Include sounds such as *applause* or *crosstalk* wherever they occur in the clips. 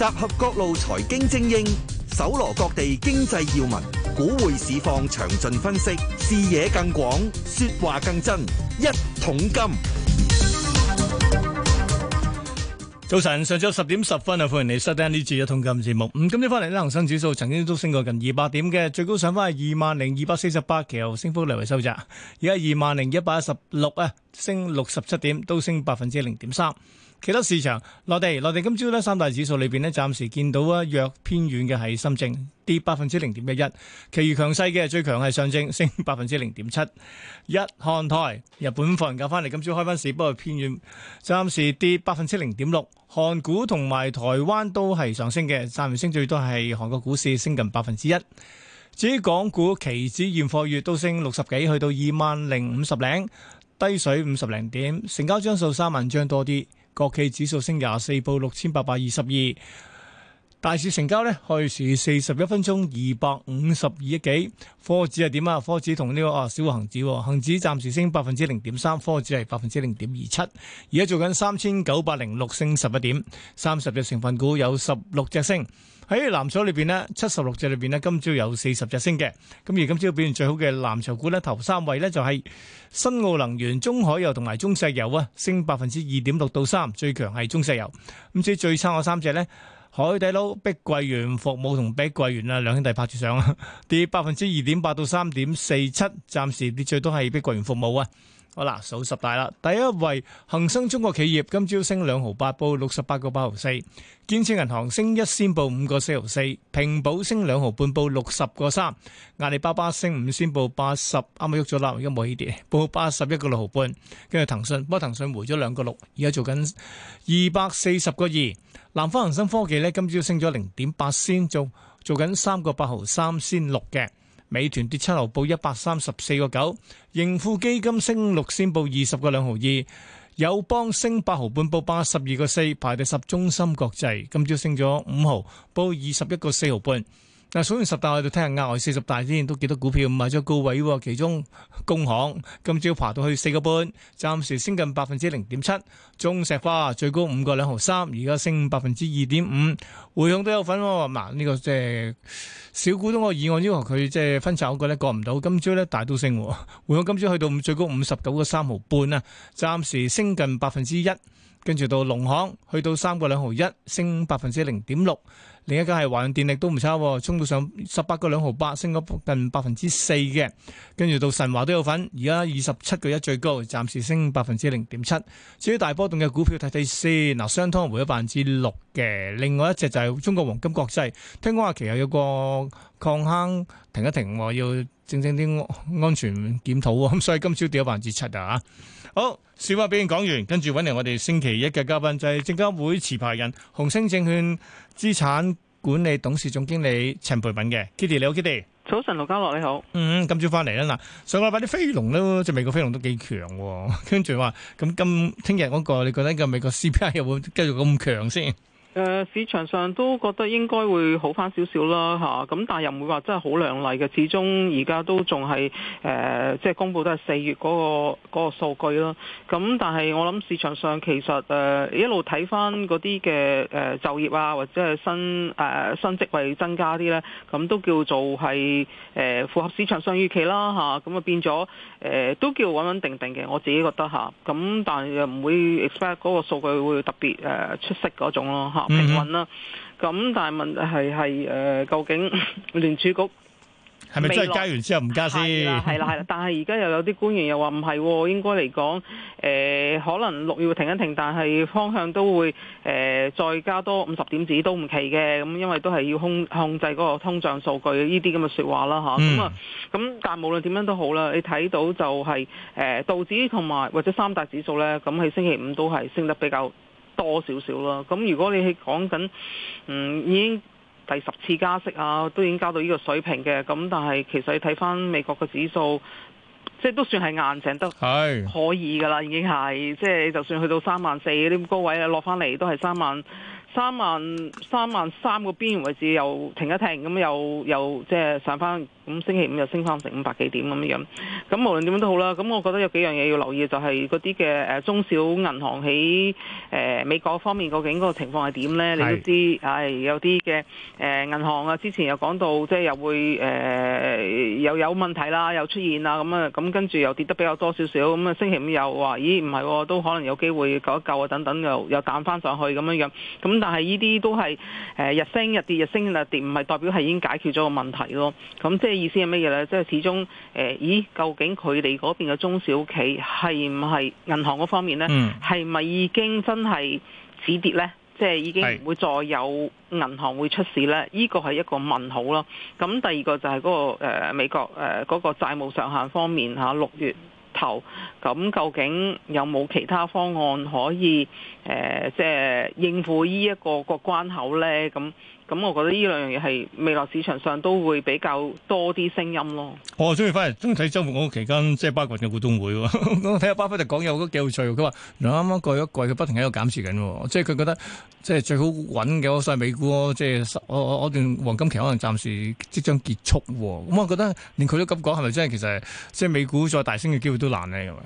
集合各路財經精英，搜羅各地經濟要聞，股匯市況詳盡分析，視野更廣，說話更真。一桶金，早晨，上晝十點十分啊！歡迎你收聽呢次一桶金節目。咁今日翻嚟咧，恒生指數曾經都升過近二百點嘅，最高上翻係二萬零二百四十八，其後升幅略為收窄，而家二萬零一百一十六啊，升六十七點，都升百分之零點三。其他市場，內地內地今朝咧三大指數裏邊咧，暫時見到啊，弱偏遠嘅係深證跌百分之零點一一，其餘強勢嘅最強係上證升百分之零點七一。韓台日本放假搞翻嚟，今朝開翻市，不過偏遠，暫時跌百分之零點六。韓股同埋台灣都係上升嘅，暫唔升最多係韓國股市升近百分之一。至於港股期指現貨月都升六十幾，去到二萬零五十零，低水五十零點，成交張數三萬張多啲。國企指數升廿四，報六千八百二十二。大市成交呢，去住四十一分鐘二百五十二億幾。科指係點、這個、啊？科指同呢個啊小恆指、哦，恆指暫時升百分之零點三，科指係百分之零點二七。而家做緊三千九百零六升十一點，三十隻成分股有十六隻升喺藍籌裏邊呢，七十六隻裏邊呢，今朝有四十隻升嘅。咁而今朝表現最好嘅藍籌股呢，頭三位呢就係、是、新奧能源、中海油同埋中石油啊，升百分之二點六到三，最強係中石油。咁至於最差嘅三隻呢？海底撈、碧桂園服務同碧桂園啊，兩兄弟拍住上啊，跌百分之二點八到三點四七，暫時跌最多係碧桂園服務啊。好啦，數十大啦，第一位恒生中國企業今朝升兩毫八，報六十八個八毫四；建設銀行升一仙，報五個四毫四；平保升兩毫半，報六十個三；阿里巴巴升五仙，報八十啱咪喐咗啦，而家冇起跌，報八十一個六毫半。跟住騰訊，不過騰訊回咗兩個六，而家做緊二百四十個二。南方恒生科技咧，今朝升咗零點八仙，做做緊三個八毫三仙六嘅。美團跌七毫，報一百三十四個九。盈富基金升六仙，報二十個兩毫二。友邦升八毫半，報八十二個四，排第十。中芯國際今朝升咗五毫，報二十一個四毫半。嗱，數完十大我哋睇下額外四十大先，之前都幾多股票唔買咗高位喎。其中工行今朝爬到去四個半，暫時升近百分之零點七。中石化最高五個兩毫三，而家升百分之二點五。匯控都有份喎，嗱，呢、這個即係小股東個議案要求佢即係分拆嗰個咧過唔到。今朝呢大都升，匯控今朝去到最高五十九個三毫半啊，暫時升近百分之一。跟住到農行去到三個兩毫一，升百分之零點六。另一間係華潤電力都唔差，衝到上十八個兩毫八，升咗近百分之四嘅。跟住到神華都有份，而家二十七個一最高，暫時升百分之零點七。至於大波動嘅股票，睇睇先。嗱，商湯回咗百分之六嘅，另外一隻就係中國黃金國際，聽講話其實有個礦坑停一停，要正正啲安全檢討，咁所以今朝跌咗百分之七啊。好，小話俾你講完，跟住揾嚟我哋星期一嘅嘉賓，就係證監會持牌人，紅星證券資產管理董事總經理陳培敏嘅 Kitty 你好。Kitty 早晨。盧家樂你好，嗯，今朝翻嚟啦嗱。上個禮拜啲飛龍咯，即係美國飛龍都幾強，跟住話咁今聽日嗰個你覺得個美國 CPI 有冇繼續咁強先？誒市場上都覺得應該會好翻少少啦嚇，咁但係又唔會話真係好靚麗嘅，始終而家都仲係誒即係公佈都係四月嗰、那個嗰、那個數據咯。咁但係我諗市場上其實誒、呃、一路睇翻嗰啲嘅誒就業啊或者係新誒、呃、新職位增加啲咧，咁都叫做係誒、呃、符合市場上預期啦嚇。咁啊就變咗誒、呃、都叫穩穩定定嘅，我自己覺得嚇。咁、啊、但係又唔會 expect 嗰個數據會特別誒、呃、出色嗰種咯、啊平穩啦，咁、嗯、但係問題係誒，究竟聯儲局係咪真係加完之後唔加先？係啦係啦，但係而家又有啲官員又話唔係，應該嚟講誒，可能六月會停一停，但係方向都會誒、呃、再加多五十點子都唔奇嘅，咁因為都係要控控制嗰個通脹數據呢啲咁嘅說話啦吓，咁、嗯、啊，咁但係無論點樣都好啦，你睇到就係、是、誒、呃、道指同埋或者三大指數咧，咁喺星期五都係升得比較。多少少啦，咁如果你係講緊，嗯，已經第十次加息啊，都已經加到呢個水平嘅，咁但係其實你睇翻美國嘅指數，即係都算係硬淨得可以噶啦，已經係即係就算去到三萬四啲高位啊，落翻嚟都係三萬、三萬、三萬三個邊位置又停一停，咁又又即係上翻。咁星期五又升翻成五百幾點咁樣樣，咁無論點樣都好啦。咁我覺得有幾樣嘢要留意，就係嗰啲嘅誒中小銀行喺誒、呃、美國方面究竟嗰個情況係點咧？是你都知係、哎、有啲嘅誒銀行啊，之前又講到即係又會誒、呃、又有問題啦，又出現啦咁啊，咁跟住又跌得比較多少少咁啊。星期五又話：咦，唔係、哦，都可能有機會救一救啊！等等又又彈翻上去咁樣樣。咁但係呢啲都係誒、呃、日升日跌，日升日跌，唔係代表係已經解決咗個問題咯。咁即係。意思係乜嘢呢？即係始終誒、呃，咦？究竟佢哋嗰邊嘅中小企係唔係銀行嗰方面呢？係咪、嗯、已經真係止跌呢？即係已經唔會再有銀行會出事呢？呢、呢個係一個問號咯。咁第二個就係嗰、嗰個、呃、美國誒嗰、呃嗰個債務上限方面嚇六、啊、月頭，咁究竟有冇其他方案可以誒、呃、即係應付呢、呢、一個、呢個關口呢？咁。咁我覺得呢兩樣嘢係未來市場上都會比較多啲聲音咯。我中意翻嚟中意睇週末港股期間即係巴郡嘅股東會，咁睇下巴菲特就講有都幾有趣。佢話，嗱，啱啱過咗季，佢不停喺度減持緊，即係佢覺得即係最好穩嘅。我睇美股，即係我我段黃金期可能暫時即將結束。咁我覺得連佢都咁講，係咪真係其實即係美股再大升嘅機會都難呢？咁啊？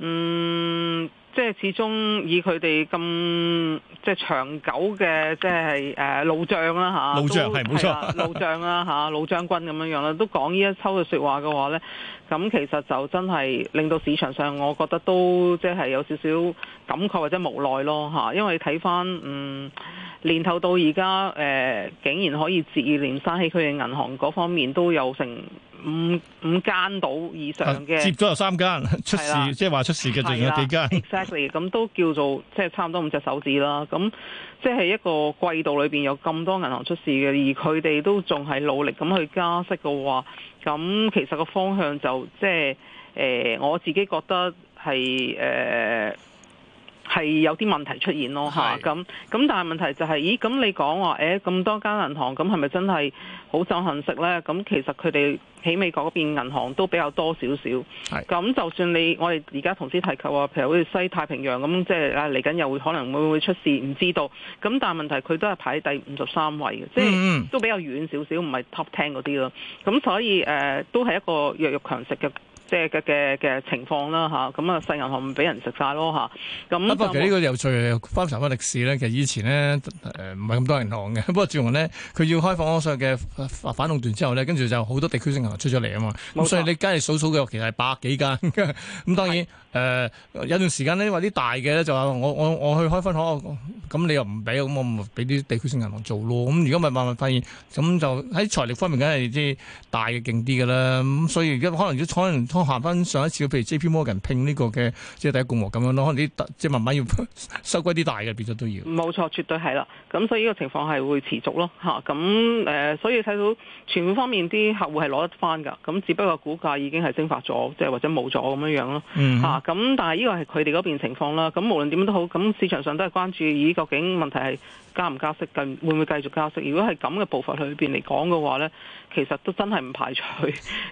嗯。即係始終以佢哋咁即係長久嘅即係誒老將啦嚇，老將係冇錯，老將啦嚇，老將、 *laughs* 啊、軍咁樣樣啦，都講呢一抽嘅説話嘅話咧，咁其實就真係令到市場上，我覺得都即係、就是、有少少感慨或者無奈咯嚇、啊，因為睇翻睇返嗯年頭到而家誒，竟然可以自連生起佢嘅銀行嗰方面都有成。五五間到以上嘅，接咗有三間出事，即係話出事嘅仲有幾間，Exactly 咁都叫做即係、就是、差唔多五隻手指啦。咁即係一個季度裏邊有咁多銀行出事嘅，而佢哋都仲係努力咁去加息嘅話，咁其實個方向就即係誒，我自己覺得係誒。呃係有啲問題出現咯嚇，咁咁是、嗯、但係問題就係、是，咦咁你講話，誒、欸、咁多間銀行咁係咪真係好受恆食呢？咁其實佢哋喺美國嗰邊銀行都比較多少少，咁是、嗯嗯、就算你我哋而家同時提及話，譬如好似西太平洋咁，即係、就是、啊嚟緊又會可能會出事，唔知道。咁但係問題佢都係排喺第五十三位嘅，即係都比較遠少少，唔係 top ten 嗰啲咯。咁所以誒、呃、都係一個弱肉強食嘅。即係嘅嘅嘅情況啦嚇，咁啊細銀行唔俾人食晒咯嚇，咁。不過其實呢個有趣，翻查翻歷史咧，其實以前咧誒唔係咁多銀行嘅，不過自從咧佢要開放所有嘅反壟斷之後咧，跟住就好多地區性銀行出咗嚟啊嘛，咁錯所以你加嚟數數嘅，其實係百幾間，咁 *laughs* 當然。誒、呃、有段時間咧，因啲大嘅咧就話我我我去開分行，我咁、嗯、你又唔俾，咁我唔俾啲地區性銀行做咯。咁、嗯、如果咪慢慢發現，咁、嗯、就喺財力方面，梗係啲大嘅勁啲嘅啦。咁、嗯、所以而家可能可能拖行翻上一次，譬如 JP Morgan 拼呢個嘅即係第一共和咁樣咯。可能啲即係慢慢要 *laughs* 收歸啲大嘅，變咗都要。冇錯，絕對係啦。咁所以呢個情況係會持續咯，嚇。咁、呃、誒，所以睇到存款方面啲客戶係攞得翻㗎。咁只不過股價已經係蒸發咗，即係或者冇咗咁樣樣咯，嚇、mm。Hmm. 咁但係呢個係佢哋嗰邊情況啦，咁無論點都好，咁市場上都係關注，咦，究竟問題係加唔加息，繼會唔會繼續加息？如果係咁嘅步伐裏邊嚟講嘅話呢。其實都真係唔排除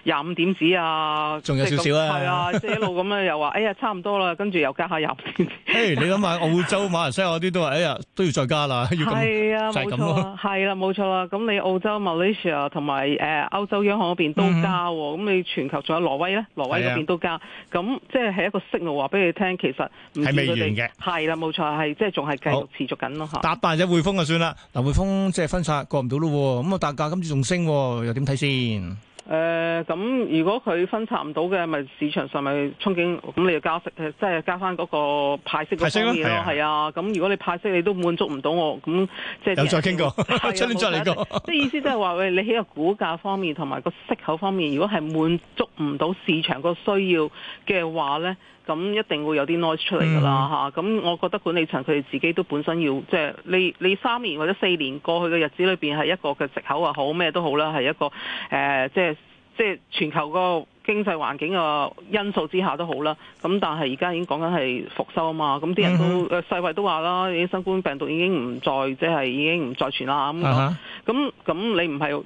廿五點子啊，仲有少少啊，係啊，即一路咁啊，又話哎呀差唔多啦，跟住又加下廿五點子。誒，你諗下澳洲、馬來西亞嗰啲都話哎呀都要再加啦，係啊，冇錯，係啦，冇錯啦。咁你澳洲、馬來西亞同埋誒歐洲央行嗰邊都加喎，咁你全球仲有挪威咧，挪威嗰邊都加，咁即係係一個息路話俾你聽，其實唔係未完嘅，係啦，冇錯，係即係仲係繼續持續緊咯嚇。搭扮隻匯豐就算啦，嗱，匯豐即係分拆過唔到咯喎，咁啊大價今次仲升喎。點睇先？誒咁，呃、如果佢分拆唔到嘅，咪、就是、市場上咪憧憬咁，你要加息即係加翻嗰個派息嗰方面咯，係啊。咁吧、啊啊、如果你派息你都滿足唔到我，咁即係有再傾過，出、 *laughs* 啊、年再嚟過。即係 *laughs* 意思即係話，喂，你喺個股價方面同埋個息口方面，如果係滿足唔到市場個需要嘅話咧。咁一定會有啲 noise 出嚟㗎啦嚇，咁、嗯嗯、我覺得管理層佢哋自己都本身要即係、就是、你你三年或者四年過去嘅日子裏邊係一個嘅食口啊，好咩都好啦，係一個誒、呃、即係即係全球個，經濟環境嘅因素之下都好啦，咁但係而家已經講緊係復收啊嘛，咁啲人都、mm hmm. 世衞都話啦，已經新冠病毒已經唔再即係已經唔再傳啦咁，咁、uh huh. 你唔係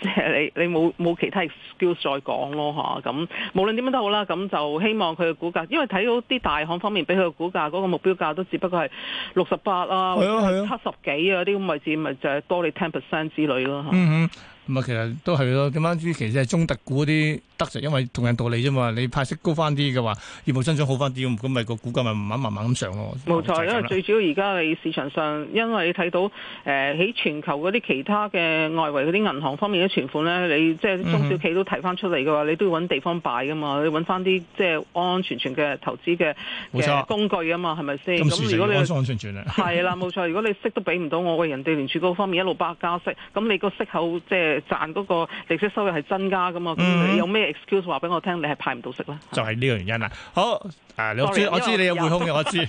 即係你你冇冇其他 excuse 再講咯吓，咁無論點樣都好啦，咁就希望佢嘅股價，因為睇到啲大行方面俾佢嘅股價嗰、嗰個目標價都只不過係六十八啊， *music* 或者七十幾啊啲咁位置，咪就係多你 ten percent 之類咯嚇。咁啊，其實都係咯。點解？至於其實係中特股嗰啲得實，因為同樣道理啫嘛。你派息高翻啲嘅話，業務增長好翻啲，咁咪個股價咪慢慢、慢慢咁上咯。冇錯，因為最主要而家你市場上，因為你睇到誒喺、呃、全球嗰啲其他嘅外圍嗰啲銀行方面嘅存款咧，你即係中小企都提翻出嚟嘅話，你都要揾地方擺㗎嘛。你揾翻啲即係安安全全嘅投資嘅嘅、啊、工具啊嘛，係咪先？咁安全，安安全全啊！係啦，冇 *laughs* 錯。如果你息都俾唔到我，喂，人哋連儲高方面一路百加息，咁你個息口即係～賺嗰個利息收入係增加噶嘛？咁、嗯、你有咩 excuse 話俾我聽？你係派唔到息啦，就係呢個原因啦。好，誒、啊，我知我知你有匯控嘅，我知，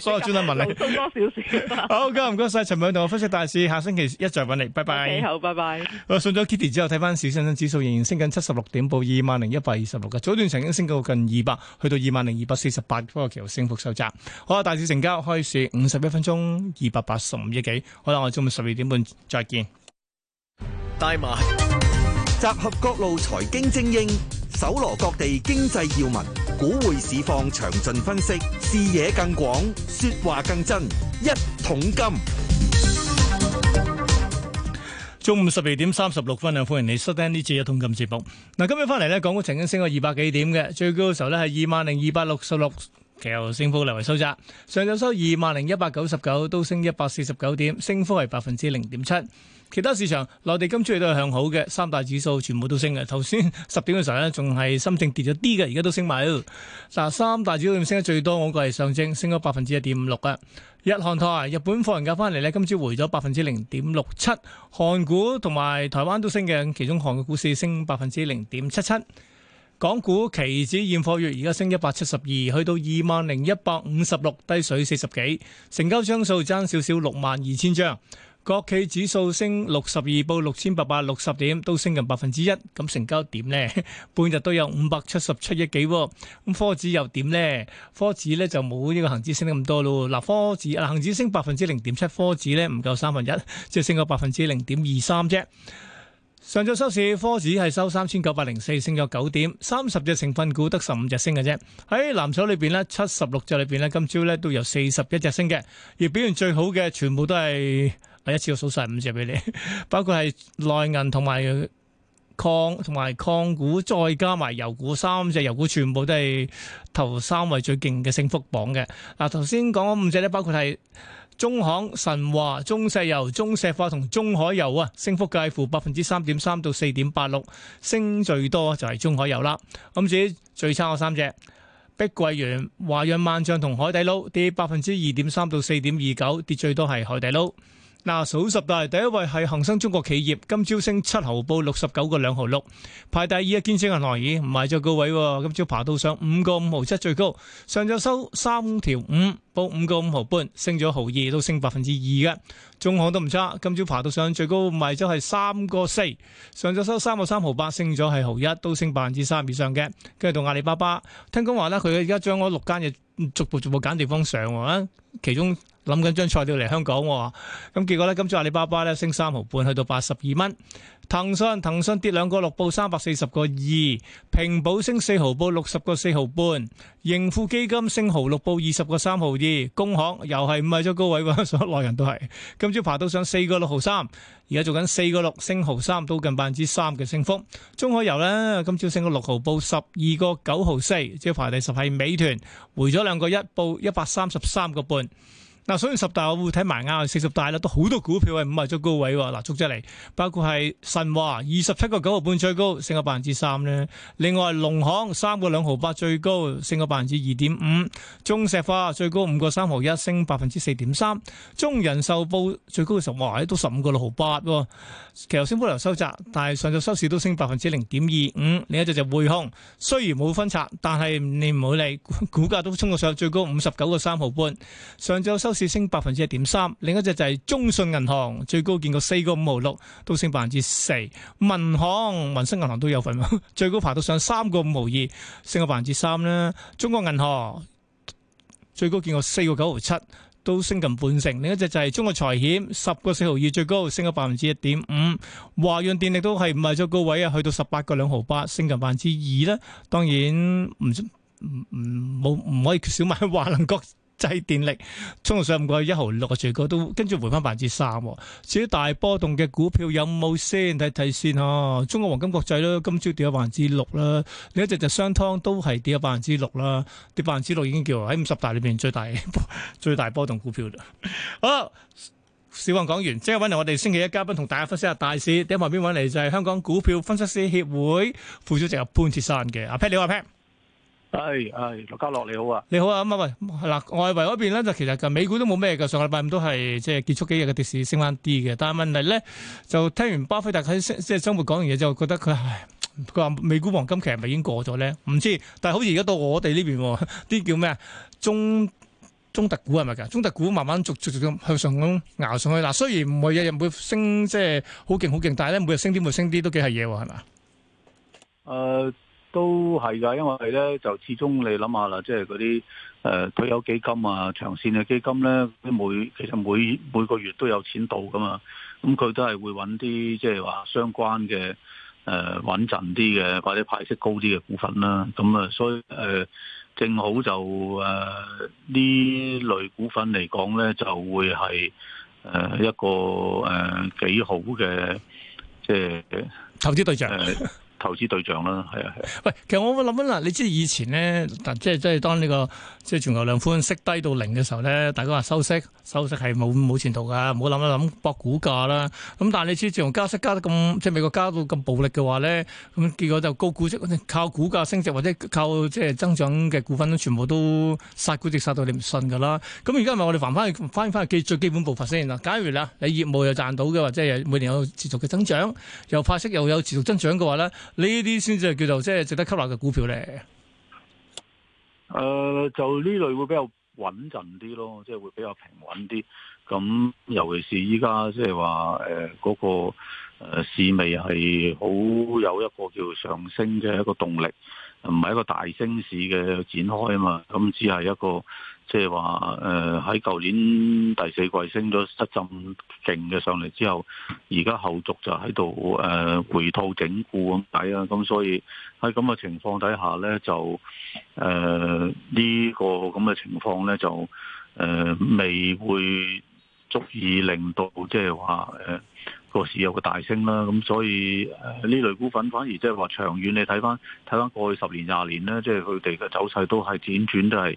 所以專登問你。通多少少？好，唔該晒。陳偉同我分析大市，下星期一再揾你，拜拜。Okay, 好，拜拜。我送咗 Kitty 之後，睇翻市新指數仍然升緊七十六點，報二萬零一百二十六嘅。早段曾經升到近二百，去到二萬零二百四十八個點，不過升幅收窄。好，大市成交開市五十一分鐘二百八十五億幾。好啦，我中午十二點半再見。帶埋，集合各路財經精英，搜羅各地經濟要聞，股匯市況詳盡分析，視野更廣，說話更真。一桶金，中午十二點三十六分啊！歡迎你收聽呢次一桶金節目。嗱，今日翻嚟咧，港股曾經升過二百幾點嘅，最高嘅時候咧係二萬零二百六十六，其後升幅略為收窄。上晝收二萬零一百九十九，都升一百四十九點，升幅為百分之零點七。其他市場，內地今朝亦都係向好嘅，三大指數全部都升嘅。頭先十點嘅時候呢，仲係深證跌咗啲嘅，而家都升埋啦。嗱，三大指數升得最多？我估係上證，升咗百分之一點五六啊。日韓台日本貨人價翻嚟呢，今朝回咗百分之零點六七。韓股同埋台灣都升嘅，其中韓國股市升百分之零點七七。港股期指現貨月而家升一百七十二，去到二萬零一百五十六，低水四十幾，成交張數爭少少六萬二千張。國企指數，升六十二，報六千八百六十點，都升近百分之一。咁成交點呢，半日都有五百七十七億幾。咁科指又點呢？科指呢就冇呢個恒指升得咁多咯。嗱，科指啊，恒指升百分之零點七，科指呢唔夠三分一，即係升咗百分之零點二三啫。上晝收市，科指係收三千九百零四，升咗九點，三十隻成分股得十五隻升嘅啫。喺藍籌裏邊呢，七十六隻裏邊呢，今朝呢都有四十一隻升嘅，而表現最好嘅全部都係。我一次過數晒五隻俾你，包括係內銀同埋礦同埋礦股，再加埋油股，三隻油股，油股全部都係頭三位最勁嘅升幅榜嘅。嗱、啊，頭先講五隻咧，包括係中行、神華、中石油、中石化同中海油啊，升幅介乎百分之三點三到四點八六，升最多就係中海油啦。咁至於最差嘅三隻，碧桂園、華潤萬象同海底撈，跌百分之二點三到四點二九，跌最多係海底撈。嗱，數、啊、十大第一位係恒生中國企業，今朝升七毫，報六十九個兩毫六，排第二嘅建設銀行，咦，唔係最高位，今朝爬到上五個五毫七最高，上晝收三條五，報五個五毫半，升咗毫二，都升百分之二嘅，中行都唔差，今朝爬到上最高賣咗係三個四，4, 上晝收三個三毫八，升咗係毫一，都升百分之三以上嘅，跟住到阿里巴巴，聽講話呢，佢而家將嗰六間嘢。逐步逐步揀地方上喎，其中諗緊張菜料嚟香港喎，咁結果咧今次阿里巴巴咧升三毫半，去到八十二蚊。騰訊騰訊跌兩個六，報三百四十個二，平保升四毫，報六十個四毫半，盈富基金升毫六，報二十個三毫二，工行又係唔係咗高位，咁所內人都係，今朝爬到上四個六毫三，而家做緊四個六升毫三，都近百分之三嘅升幅。中海油呢，今朝升個六毫報十二個九毫四，即係排第十係美團，回咗兩個一，報一百三十三個半。嗱，所以、嗯、十大我睇埋啱，四十大啦，都好多股票係五係最高位喎。嗱、啊，捉出嚟，包括係神華二十七個九毫半最高，升個百分之三咧。另外，農行三個兩毫八最高，升個百分之二點五。中石化最高五個三毫一，升百分之四點三。中人壽報最高嘅神華都十五個六毫八，其實升幅流收窄，但係上晝收市都升百分之零點二五。另一隻就匯控，雖然冇分拆，但係你唔好理，股價都衝到上最高五十九個三毫半。上晝收。跌升百分之一點三，另一隻就係中信銀行，最高見過四個五毫六，都升百分之四。民航、民生銀行都有份，最高爬到上三個五毫二，升咗百分之三啦。中國銀行最高見過四個九毫七，都升近半成。另一隻就係中國財險，十個四毫二最高升咗百分之一點五。華潤電力都係唔係最高位啊，去到十八個兩毫八，升近百分之二啦。當然唔唔冇唔可以少買華能國。掣電力衝到上五個一毫六嘅最高，都跟住回翻百分之三。至於大波動嘅股票有冇先睇睇先嚇。中國黃金國際咧，今朝跌咗百分之六啦。另一隻就雙湯都係跌咗百分之六啦，跌百分之六已經叫喺五十大裏邊最大最大波動股票啦。好，小雲講完，即刻揾嚟我哋星期一嘉賓同大家分析下大市。第一旁邊揾嚟就係香港股票分析師協會副主席阿潘鐵山嘅阿 p a 你好啊 p a 係，係，陸家樂你好啊！你好啊，咁啊，喂，係啦，外圍嗰邊咧就其實嘅美股都冇咩嘅，上個禮拜咁都係即係結束幾日嘅跌市，升翻啲嘅。但係問題咧，就聽完巴菲特喺即係生活講完嘢之後，覺得佢，佢話美股黃金期係咪已經過咗咧？唔知。但係好似而家到我哋呢邊，啲叫咩啊？中中特股係咪噶？中特股慢慢逐逐逐咁向上咁熬上去。嗱，雖然唔係日日會升，即係好勁好勁，但係咧每日升啲，會升啲都幾係嘢，係嘛？誒。都係噶，因為咧就始終你諗下啦，即係嗰啲誒退休基金啊、長線嘅基金咧，每其實每每個月都有錢到噶嘛，咁、嗯、佢都係會揾啲即係話相關嘅誒穩陣啲嘅或者派息高啲嘅股份啦，咁、嗯、啊，所以誒、呃、正好就誒呢、呃、類股份嚟講咧，就會係誒、呃、一個誒幾、呃、好嘅即係投資對象。 *laughs* 投資對象啦，係啊！係啊。喂，其實我會諗緊，嗱，你知以前咧，即係即係當呢、這個即係、就是、全球量寬息低到零嘅時候咧，大家話收息收息係冇冇前途噶，唔好諗一諗博股價啦。咁但係你知自從加息加得咁，即係美國加到咁暴力嘅話咧，咁結果就高股息靠股價升值或者靠即係增長嘅股份都全部都殺估值殺到你唔信噶啦。咁而家咪我哋翻翻翻翻去最基本步伐先嗱。假如啊，你業務又賺到嘅，或者係每年有持續嘅增長，又派息又有持續增長嘅話咧。呢啲先至叫做即係值得吸納嘅股票咧。誒、呃，就呢類會比較穩陣啲咯，即、就、係、是、會比較平穩啲。咁尤其是依家即係話誒，嗰、就是呃那個誒、呃、市味係好有一個叫上升嘅，就是、一個動力，唔係一個大升市嘅展開啊嘛。咁只係一個。即係話誒，喺舊、呃、年第四季升咗一陣勁嘅上嚟之後，而家後續就喺度誒回吐整固咁底啊，咁所以喺咁嘅情況底下呢，就誒呢、呃這個咁嘅情況呢，就誒、呃、未會足以令到即係話誒。呃個市有個大升啦，咁所以呢類股份反而即係話長遠，你睇翻睇翻過去十年廿年咧，即係佢哋嘅走勢都係輾轉都係誒、即、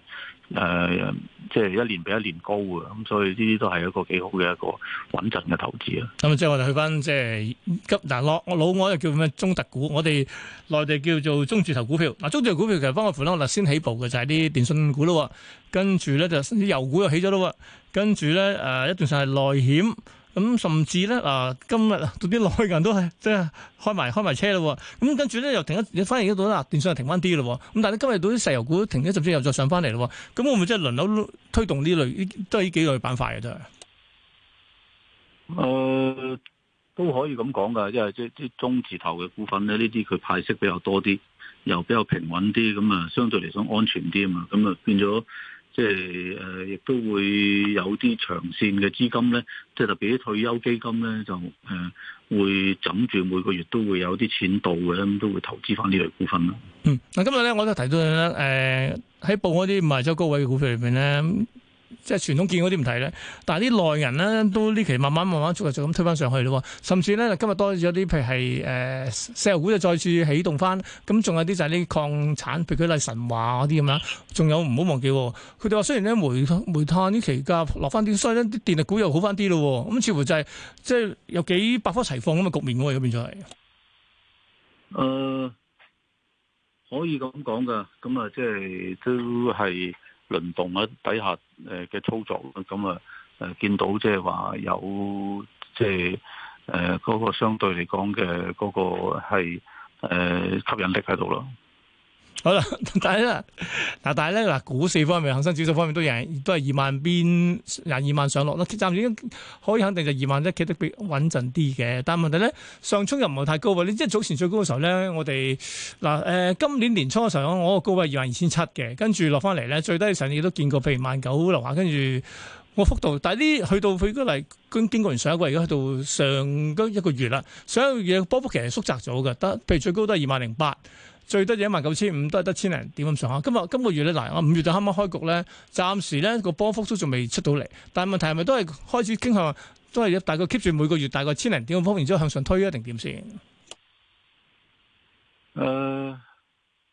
呃、係、就是、一年比一年高嘅，咁所以呢啲都係一個幾好嘅一個穩陣嘅投資、嗯、啊。咁啊，即係我哋去翻即係急嗱落老外又叫咩中特股，我哋內地叫做中字頭股票。嗱、啊，中字頭股票其實翻個盤我頭先起步嘅就係、是、啲電信股咯，跟住咧就啲油股又起咗咯，跟住咧誒一段時間係內險。咁、嗯、甚至咧嗱、啊，今日到啲內銀都係即係開埋開埋車咯，咁、嗯、跟住咧又停一，反而都到啦，電信又停翻啲咯，咁但係今日到啲石油股停咗一陣先又再上翻嚟咯，咁、嗯、會唔會即係輪流推動呢類呢都係呢幾類板塊啊？都係、呃，誒都可以咁講噶，因為即係啲中字頭嘅股份咧，呢啲佢派息比較多啲，又比較平穩啲，咁啊相對嚟講安全啲啊嘛，咁啊變咗。即係誒，亦、呃、都會有啲長線嘅資金咧，即係特別啲退休基金咧，就誒、呃、會枕住每個月都會有啲錢到嘅，咁都會投資翻呢類股份啦。嗯，嗱今日咧我就提到你咧，誒、呃、喺報嗰啲唔係咁高位嘅股票裏面咧。即係傳統建嗰啲唔提咧，但係啲內銀咧都呢期慢慢慢慢逐日就咁推翻上去咯，甚至咧今日多咗啲，譬如係誒、呃、石油股就再次起動翻，咁仲有啲就係啲礦產，譬如舉例神話嗰啲咁樣，仲有唔好忘記、哦，佢哋話雖然咧煤煤炭呢期價落翻啲，所以呢啲電力股又好翻啲咯，咁、嗯、似乎就係即係有幾百花齊放咁嘅局面喎、啊，而家變咗係。誒、呃，可以咁講噶，咁啊即係都係。輪動啊底下誒嘅操作啦，咁啊誒見到即係話有即係誒嗰個相對嚟講嘅嗰個係誒吸引力喺度咯。好啦， *laughs* 但係咧，嗱但係咧，嗱，股市方面、恒生指數方面都仍都係二萬邊廿二萬上落啦。暫時可以肯定就二萬一企得比穩陣啲嘅。但係問題咧，上沖又唔係太高喎。你即係早前最高嘅時候咧，我哋嗱誒今年年初嘅時候，我個高位二萬二千七嘅，跟住落翻嚟咧，最低甚至都見過譬如萬九樓下，跟住我幅度。但係呢，去到佢都嚟跟經過完上一季而家去到上一個月啦，上一個月波幅其實縮窄咗嘅，得譬如最高都係二萬零八。最多一萬九千五都係得千零點咁上下，今日今個月咧嗱，我五月就啱啱開局咧，暫時咧個波幅都仲未出到嚟，但係問題係咪都係開始傾向都係大概 keep 住每個月大概千零點嘅波幅然之後，後向上推啊？定點先？誒、呃，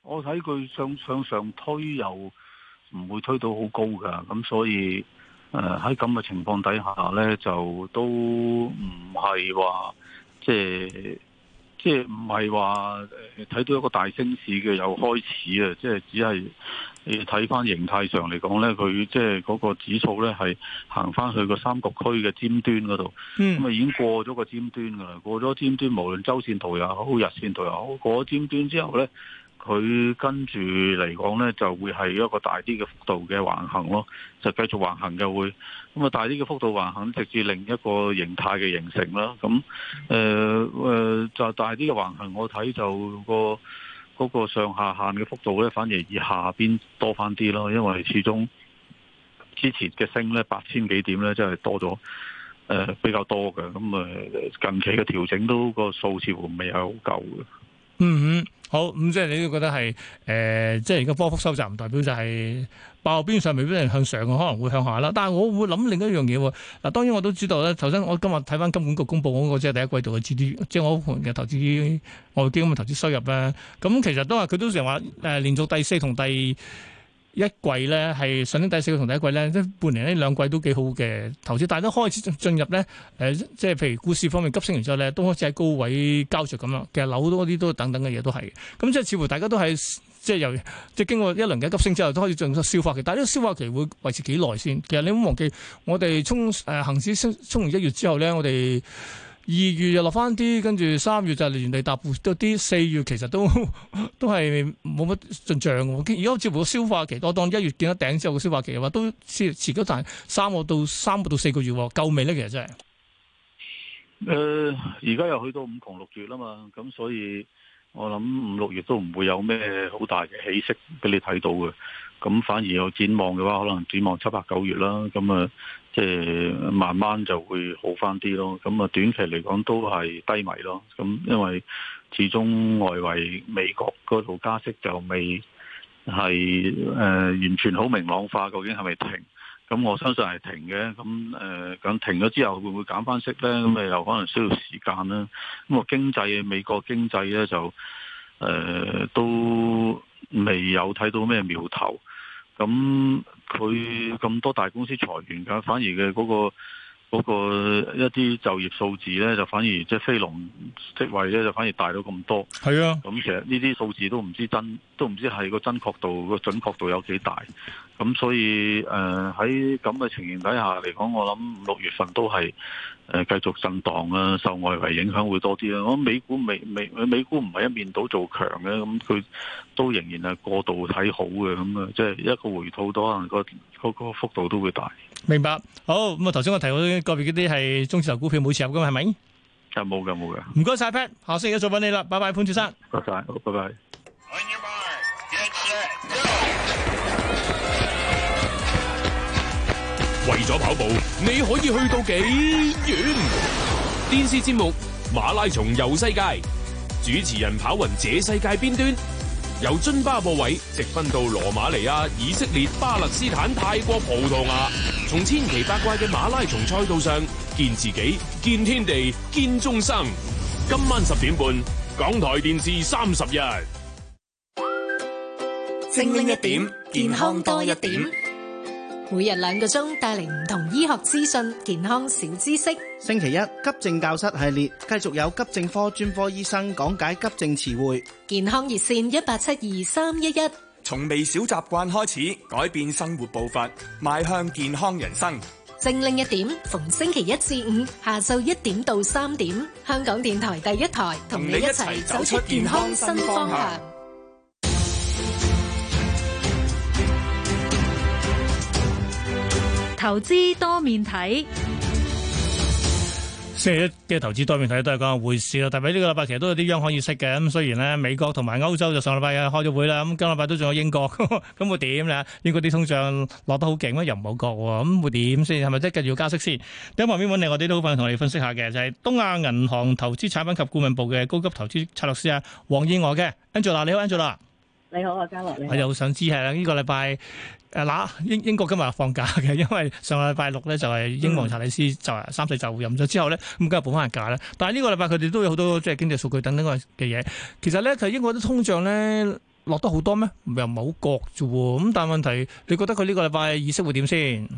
我睇佢向向上推又唔會推到好高噶，咁所以誒喺咁嘅情況底下咧，就都唔係話即係。即係唔係話睇到一個大升市嘅又開始啊！即係只係你睇翻形態上嚟講咧，佢即係嗰個指數咧係行翻去個三角區嘅尖端嗰度，咁啊、嗯、已經過咗個尖端噶啦，過咗尖端無論周線圖又好，日線圖又好，過咗尖端之後咧。佢跟住嚟講呢，就會係一個大啲嘅幅度嘅橫行咯，就繼續橫行就會咁啊，大啲嘅幅度橫行，直至另一個形態嘅形成啦。咁誒誒就大啲嘅橫行，我睇就個嗰個上下限嘅幅度呢，反而以下邊多翻啲咯，因為始終之前嘅升呢，八千幾點呢，真係多咗誒、呃、比較多嘅，咁、嗯、誒近期嘅調整都個數似乎未係好夠嘅。嗯嗯，好，咁、嗯、即係你都覺得係，誒、呃，即係而家波幅收窄，唔代表就係爆邊，上未必係向上嘅，可能會向下啦。但係我會諗另一樣嘢喎，嗱，當然我都知道咧。頭先我今日睇翻金管局公布嗰個即係第一季度嘅資資，即係我盤嘅投資外匯基金嘅投資收入咧。咁其實都係佢都成日話誒連續第四同第。一季咧係上年第四季同第一季咧，即係半年呢兩季都幾好嘅投資。但係都開始進入咧，誒、呃，即係譬如股市方面急升完之後咧，都開始喺高位膠着咁啦。其實樓多啲都等等嘅嘢都係，咁即係似乎大家都係即係由即係經過一輪嘅急升之後，都開始進入消化期。但係呢個消化期會維持幾耐先？其實你唔好忘記我沖，我哋衝誒行市衝衝完一月之後咧，我哋。二月又落翻啲，跟住三月就原地踏步，有啲四月其實都都係冇乜進賬，如果家只不過消化期，我當一月見得頂之後嘅消化期嘅話，都先遲咗，但係三個到三個到四個月，夠未咧？其實真係。誒、呃，而家又去到五窮六月啦嘛，咁所以我諗五六月都唔會有咩好大嘅起色俾你睇到嘅，咁反而有展望嘅話，可能展望七八九月啦，咁啊。呃即係慢慢就會好翻啲咯，咁啊短期嚟講都係低迷咯，咁因為始終外圍美國嗰度加息就未係誒、呃、完全好明朗化，究竟係咪停？咁我相信係停嘅，咁誒咁停咗之後會唔會減翻息咧？咁你又可能需要時間啦。咁啊經濟美國經濟咧就誒、呃、都未有睇到咩苗頭。咁佢咁多大公司裁員㗎，反而嘅嗰、嗰個，嗰個一啲就業數字咧，就反而即係非農職位咧，就反而大咗咁多。係啊的，咁、嗯、其實呢啲數字都唔知真，都唔知係個真確度個準確度有幾大。咁、嗯、所以誒喺咁嘅情形底下嚟講，我諗六月份都係誒、呃、繼續震盪啊，受外圍影響會多啲啦。我諗、嗯、美股美美美股唔係一面倒做強嘅，咁、嗯、佢都仍然係過度睇好嘅，咁、嗯、啊，即係一個回吐都可能、嗰個嗰、嗰個嗰個幅度都會大。明白，好，咁啊！頭先我提過個別嗰啲係中字頭股票冇持有噶嘛，係咪？啊，冇噶，冇噶。唔該晒 Pat，下星期再搵你啦，拜拜，潘先生。多謝，好，拜拜。On your mark, get set, go! 為咗跑步，你可以去到幾遠？電視節目《馬拉松遊世界》，主持人跑匀這世界邊端。由津巴布韋直奔到羅馬尼亞、以色列、巴勒斯坦、泰國、葡萄牙，從千奇百怪嘅馬拉松賽道上見自己、見天地、見眾生。今晚十點半，港台電視三十日，精靈一點，健康多一點。每日兩個鐘帶嚟唔同醫學資訊、健康小知識。星期一急症教室系列繼續有急症科專科醫生講解急症詞彙。健康熱線一八七二三一一。從微小習慣開始，改變生活步伐，邁向健康人生。精靈一點，逢星期一至五下晝一點到三點，香港電台第一台同你一齊走出健康新方向。投資多面睇，星期一嘅投資多面睇都係講匯市啦。特別呢個禮拜其實都有啲央行議息嘅。咁雖然咧，美國同埋歐洲就上禮拜開咗會啦。咁今禮拜都仲有英國，咁會點咧？英國啲通脹落得好勁，咁又唔好降喎，咁會點先？係咪即係繼續加息先？咁旁邊揾嚟，我哋都好快同你分析下嘅，就係、是、東亞銀行投資產品及顧問部嘅高級投資策略師啊，黃燕娥嘅。Angela，你好，Angela。你好啊，嘉樂，我你好又想知係啦，呢個禮拜誒，嗱、呃，英英國今日放假嘅，因為上個禮拜六咧就係英王查理斯就、嗯、三四就任咗之後咧，咁今日補翻日假咧。但係呢個禮拜佢哋都有好多即係經濟數據等等嘅嘢。其實咧，佢英國啲通脹咧落得好多咩？又唔係好覺啫。咁但係問題，你覺得佢呢個禮拜利息會點先？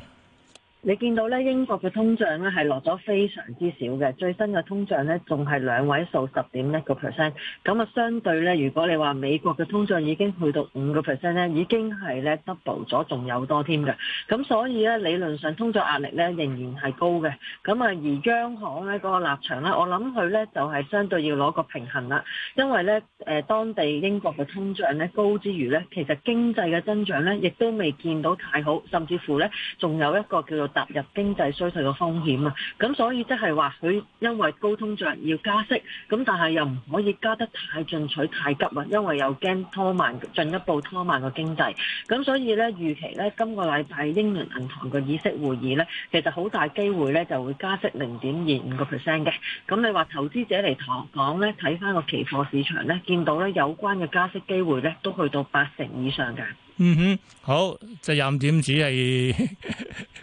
你見到咧英國嘅通脹咧係落咗非常之少嘅，最新嘅通脹咧仲係兩位數十點一個 percent，咁啊相對咧，如果你話美國嘅通脹已經去到五個 percent 咧，已經係咧 double 咗，仲有多添嘅。咁所以咧理論上通脹壓力咧仍然係高嘅。咁啊而央行咧嗰個立場咧，我諗佢咧就係相對要攞個平衡啦，因為咧誒當地英國嘅通脹咧高之餘咧，其實經濟嘅增長咧亦都未見到太好，甚至乎咧仲有一個叫做踏入經濟衰退嘅風險啊！咁所以即係話佢因為高通脹要加息，咁但係又唔可以加得太進取、太急，啊，因為又驚拖慢進一步拖慢個經濟。咁所以咧，預期咧今個禮拜英倫銀行個議息會議咧，其實好大機會咧就會加息零點二五個 percent 嘅。咁你話投資者嚟堂講咧，睇翻個期貨市場咧，見到咧有關嘅加息機會咧，都去到八成以上嘅。嗯哼，好責任點子係。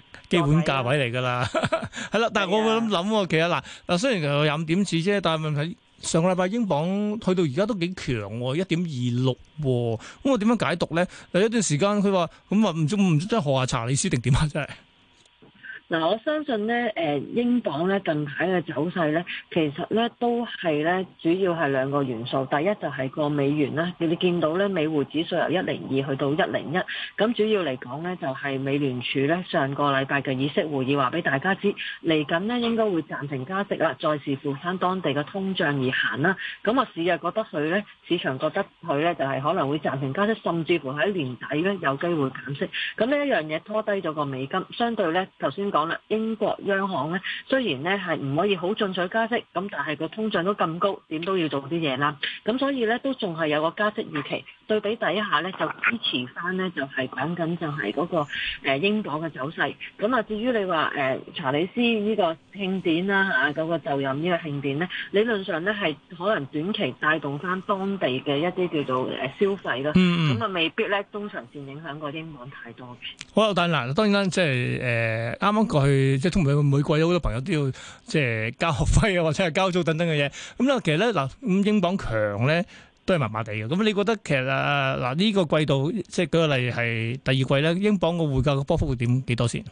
*laughs* 基本價位嚟㗎啦，係啦，但係我會咁諗喎，是啊、其實嗱嗱，雖然佢有點子啫，但係問題上個禮拜英鎊去到而家都幾強喎，一點二六喎，咁我點樣解讀咧？有一段時間佢話咁話唔中，唔知學下查理斯定點啊，真係。嗱，我相信咧，誒，英鎊咧近排嘅走勢咧，其實咧都係咧，主要係兩個元素。第一就係個美元啦，你哋見到咧美匯指數由一零二去到一零一，咁主要嚟講咧就係美聯儲咧上個禮拜嘅議息會議話俾大家知，嚟緊呢應該會暫停加息啦，再視乎翻當地嘅通脹而行啦。咁我市就覺得佢咧，市場覺得佢咧就係可能會暫停加息，甚至乎喺年底咧有機會減息。咁呢一樣嘢拖低咗個美金，相對咧頭先講。英國央行咧雖然咧係唔可以好進取加息，咁但係個通脹都咁高，點都要做啲嘢啦。咁所以咧都仲係有個加息預期。對比底下咧，就支持翻咧，就係講緊就係嗰個誒英鎊嘅走勢。咁啊，至於你話誒查理斯呢個慶典啦啊，嗰個就任呢個慶典咧，理論上咧係可能短期帶動翻當地嘅一啲叫做誒消費咯。咁啊，未必咧中長線影響過英鎊太多嘅。好，但嗱，當然啦，即係誒啱啱過去即係通唔通每個有好多朋友都要即係交學費啊，或者係交租等等嘅嘢。咁咧，其實咧嗱，咁英鎊強咧。都係麻麻地嘅，咁你覺得其實啊，嗱、這、呢個季度，即係舉個例係第二季咧，英鎊個匯價嘅波幅會點幾多先？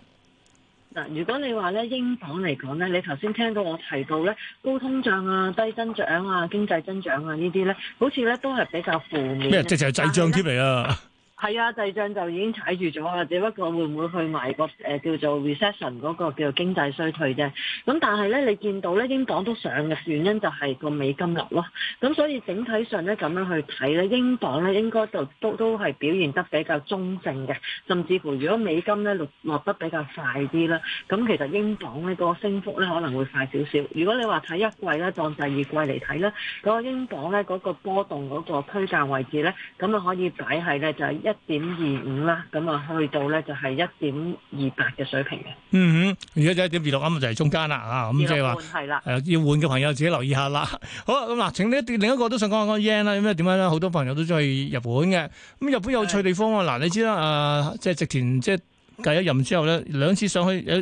嗱，如果你話咧英鎊嚟講咧，你頭先聽到我提到咧高通脹啊、低增長啊、經濟增長啊呢啲咧，好似咧都係比較負面。咩？直情係滯脹添嚟啊！ *laughs* 係啊，滯脹就已經踩住咗啦，只不過會唔會去捱個誒叫做 recession 嗰個叫做經濟衰退啫。咁但係咧，你見到咧，英鎊都上嘅原因就係個美金落咯。咁所以整體上咧咁樣去睇咧，英鎊咧應該就都都係表現得比較中性嘅。甚至乎如果美金咧落落得比較快啲啦，咁其實英鎊咧嗰個升幅咧可能會快少少。如果你話睇一季咧當第二季嚟睇咧，嗰個英鎊咧嗰個波動嗰個區間位置咧，咁啊可以擺係咧就係。一點二五啦，咁啊去到咧就係一點二八嘅水平嘅，嗯。嗯哼，而家就一點二六咁就係中間啦啊，咁即係話，係啦，要換嘅朋友自己留意下啦。好啦，咁、嗯、嗱，請你。一另一個都想講下嗰 y e 啦，因為點解咧？好多朋友都中意日本嘅。咁日本有趣地方啊，嗱是、嗯，你知啦啊、呃，即係直田即係繼一任之後咧，兩次上去有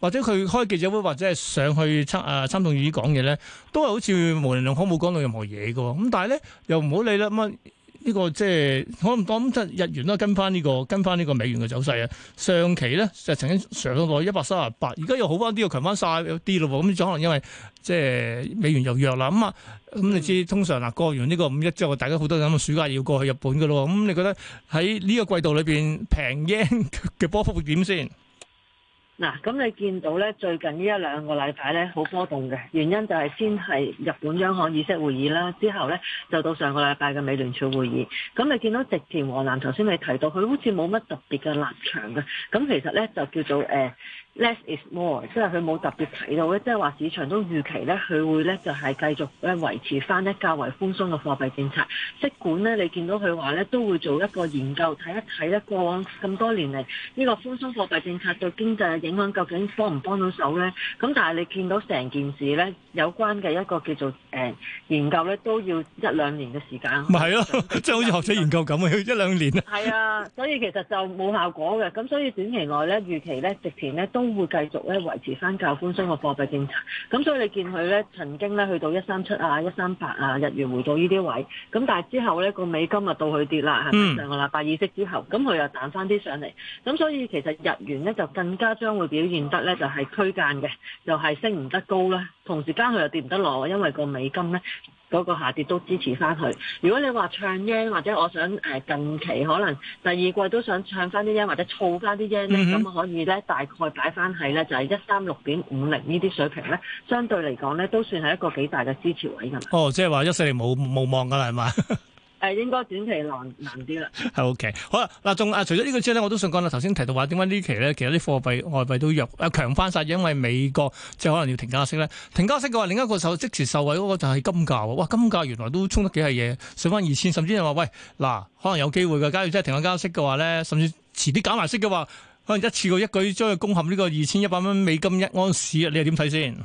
或者佢開記者會，或者係上去參啊參眾議院講嘢咧，都係好似無能兩好冇講到任何嘢嘅。咁但係咧，又唔好理啦咁啊。嗯嗯呢、這個即係可能講，即係日元都跟翻呢、這個跟翻呢個美元嘅走勢啊！上期咧就曾經上到一百三十八，而家又好翻啲，又強翻晒，一啲咯。咁就可能因為即係美元又弱啦。咁、嗯、啊，咁、嗯嗯、你知通常嗱過完呢個五一之後，大家好多人諗到暑假要過去日本嘅咯。咁、嗯、你覺得喺呢個季度裏邊平 yen 嘅波幅會點先？嗱，咁你見到咧最近一兩呢一兩個禮拜咧好波動嘅，原因就係先係日本央行議息會議啦，之後咧就到上個禮拜嘅美聯儲會議。咁你見到植田和男頭先你提到佢好似冇乜特別嘅立場嘅，咁其實咧就叫做誒。呃 Less is more，即係佢冇特別睇到咧，即係話市場都預期咧，佢會咧就係、是、繼續咧維持翻咧較為寬鬆嘅貨幣政策。即管咧你見到佢話咧都會做一個研究睇一睇咧過往咁多年嚟呢、這個寬鬆，鬆貨幣政策對經濟嘅影響究竟幫唔幫到手咧？咁但係你見到成件事咧有關嘅一個叫做誒、呃、研究咧都要一兩年嘅時間。咪係咯，即係好似學者研究咁啊，一兩年。係啊，所以其實就冇效果嘅。咁所以短期內咧預期咧，直前咧都。都會繼續咧維持翻較寬鬆嘅貨幣政策，咁所以你見佢咧曾經咧去到一三七啊、一三八啊日元回到呢啲位，咁但係之後咧個美金啊到佢跌啦，係咪？上個禮拜議息之後，咁佢又彈翻啲上嚟，咁所以其實日元咧就更加將會表現得咧就係區間嘅，就係升唔得高啦。同時間佢又跌唔得落，因為個美金咧嗰個下跌都支持翻佢。如果你話唱 yen 或者我想誒、呃、近期可能第二季都想唱翻啲 yen 或者炒翻啲 yen 咧，咁、嗯、哼可以咧大概擺翻喺咧就係一三六點五零呢啲水平咧，相對嚟講咧都算係一個幾大嘅支持位㗎嘛。哦，即係話一四年冇冇望㗎啦，係嘛？ *laughs* 誒，應該短期難難啲啦。係 OK，好啦，嗱，仲啊，除咗呢個之外咧，我都想講啦。頭先提到話，點解呢期咧，其實啲貨幣外幣都弱誒，強翻曬，因為美國即係可能要停加息咧。停加息嘅話，另一個受即時受惠嗰個就係金價喎。哇，金價原來都衝得幾係嘢，上翻二千，甚至係話喂，嗱，啊，可能有機會㗎。假如真係停咗加息嘅話咧，甚至遲啲減埋息嘅話，可能一次過一舉將佢攻陷呢個二千一百蚊美金一盎司，你又點睇先？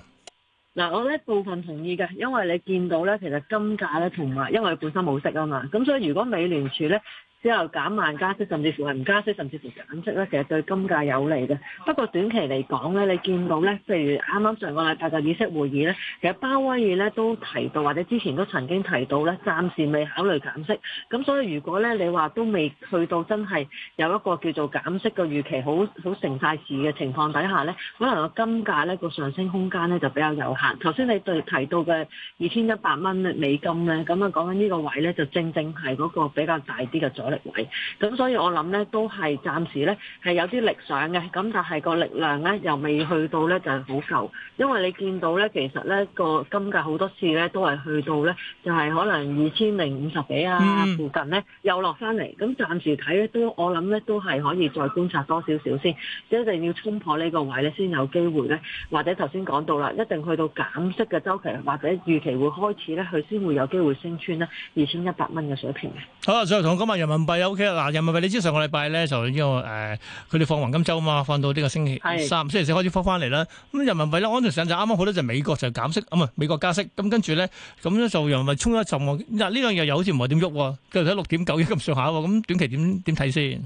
嗱、啊，我咧部分同意嘅，因為你見到咧，其實金價咧，同埋因為佢本身冇息啊嘛，咁所以如果美聯儲咧，之後減慢加息，甚至乎係唔加息，甚至乎減息咧，其實對金價有利嘅。不過短期嚟講咧，你見到咧，譬如啱啱上個禮拜嘅議息會議咧，其實鮑威爾咧都提到，或者之前都曾經提到咧，暫時未考慮減息。咁所以如果咧你話都未去到真係有一個叫做減息嘅預期，好好成大市嘅情況底下咧，可能個金價咧、個上升空間咧就比較有限。頭先你對提到嘅二千一百蚊美金咧，咁啊講緊呢個位咧就正正係嗰個比較大啲嘅阻力。位咁，所以我諗咧都係暫時咧係有啲力想嘅，咁但係個力量咧又未去到咧就係好夠，因為你見到咧其實咧個金價好多次咧都係去到咧就係可能二千零五十幾啊附近咧又落翻嚟，咁暫時睇咧都我諗咧都係可以再觀察多少少先，一定要衝破呢個位咧先有機會咧，或者頭先講到啦，一定去到減息嘅周期或者預期會開始咧，佢先會有機會升穿咧二千一百蚊嘅水平嘅。好，所以同今日人民幣 OK 啦，嗱，人民幣，你知上個禮拜咧就因為誒佢哋放黃金周啊嘛，放到呢個星期三、的星期四開始復翻嚟啦。咁人民幣咧，安全上就啱啱好咧，就是、美國就減息，唔、嗯、係美國加息。咁、嗯、跟住咧，咁咧就人民幣衝一陣喎。嗱，呢兩日又好似唔係點喐喎，今日睇六點九一咁上下、啊、喎。咁短期點點睇先？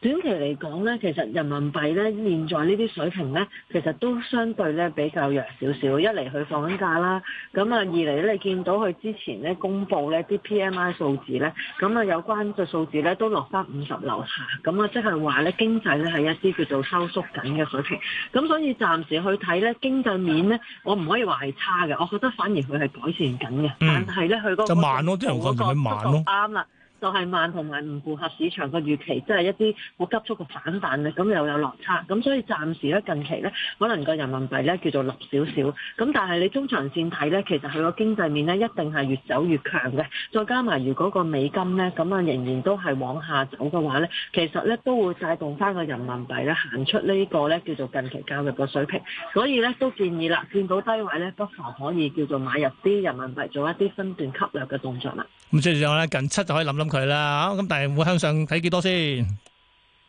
短期嚟講咧，其實人民幣咧現在呢啲水平咧，其實都相對咧比較弱少少。一嚟佢放緊假啦，咁啊二嚟咧你見到佢之前咧公佈咧啲 PMI 數字咧，咁啊有關嘅數字咧都落返五十樓下，咁啊即係話咧經濟咧係一啲叫做收縮緊嘅水平。咁所以暫時去睇咧經濟面咧，我唔可以話係差嘅，我覺得反而佢係改善緊嘅。嗯、但係咧佢嗰個就慢咯，啲人講叫佢慢咯。啱啦、那個。就係慢同埋唔符合市場嘅預期，即係一啲好急速嘅反彈咧，咁又有落差，咁所以暫時咧近期咧，可能個人民幣咧叫做落少少，咁但係你中長線睇咧，其實佢個經濟面咧一定係越走越強嘅，再加埋如果個美金咧咁啊仍然都係往下走嘅話咧，其實咧都會帶動翻個人民幣咧行出呢個咧叫做近期交易嘅水平，所以咧都建議啦，見到低位咧不妨可以叫做買入啲人民幣做一啲分段吸納嘅動作啦。咁最後咧近期就可以諗諗。佢啦，咁但係會向上睇幾多先？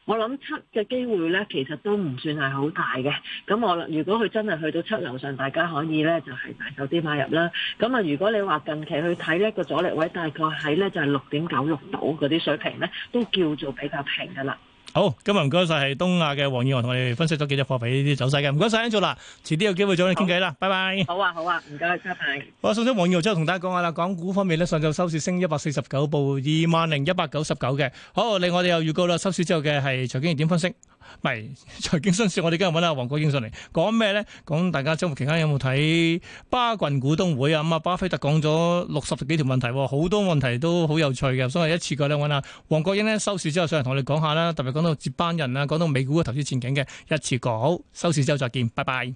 我諗七嘅機會呢，其實都唔算係好大嘅。咁我如果佢真係去到七樓上，大家可以呢就係大手啲買入啦。咁啊，如果你話近期去睇呢個阻力位，大概喺呢就係六點九六度嗰啲水平呢，都叫做比較平噶啦。好，今日唔該晒，係東亞嘅黃宇豪同我哋分析咗幾隻貨幣呢啲走勢嘅，唔該晒，Angela，遲啲有機會再同你傾偈啦，拜拜。好啊，好啊，唔該晒。好，送咗黃宇豪，之後同大家講下啦，港股方面咧，上晝收市升一百四十九部，二萬零一百九十九嘅。好，另外我哋又預告啦，收市之後嘅係財經熱點分析。.咪財經新聞，我哋今日揾下黃國英上嚟講咩咧？講大家周末期間有冇睇巴郡股東會啊？咁啊，巴菲特講咗六十幾條問題，好多問題都好有趣嘅。所以一次過咧揾下黃國英咧收市之後上嚟同你講下啦，特別講到接班人啊，講到美股嘅投資前景嘅一次過。好，收市之後再見，拜拜。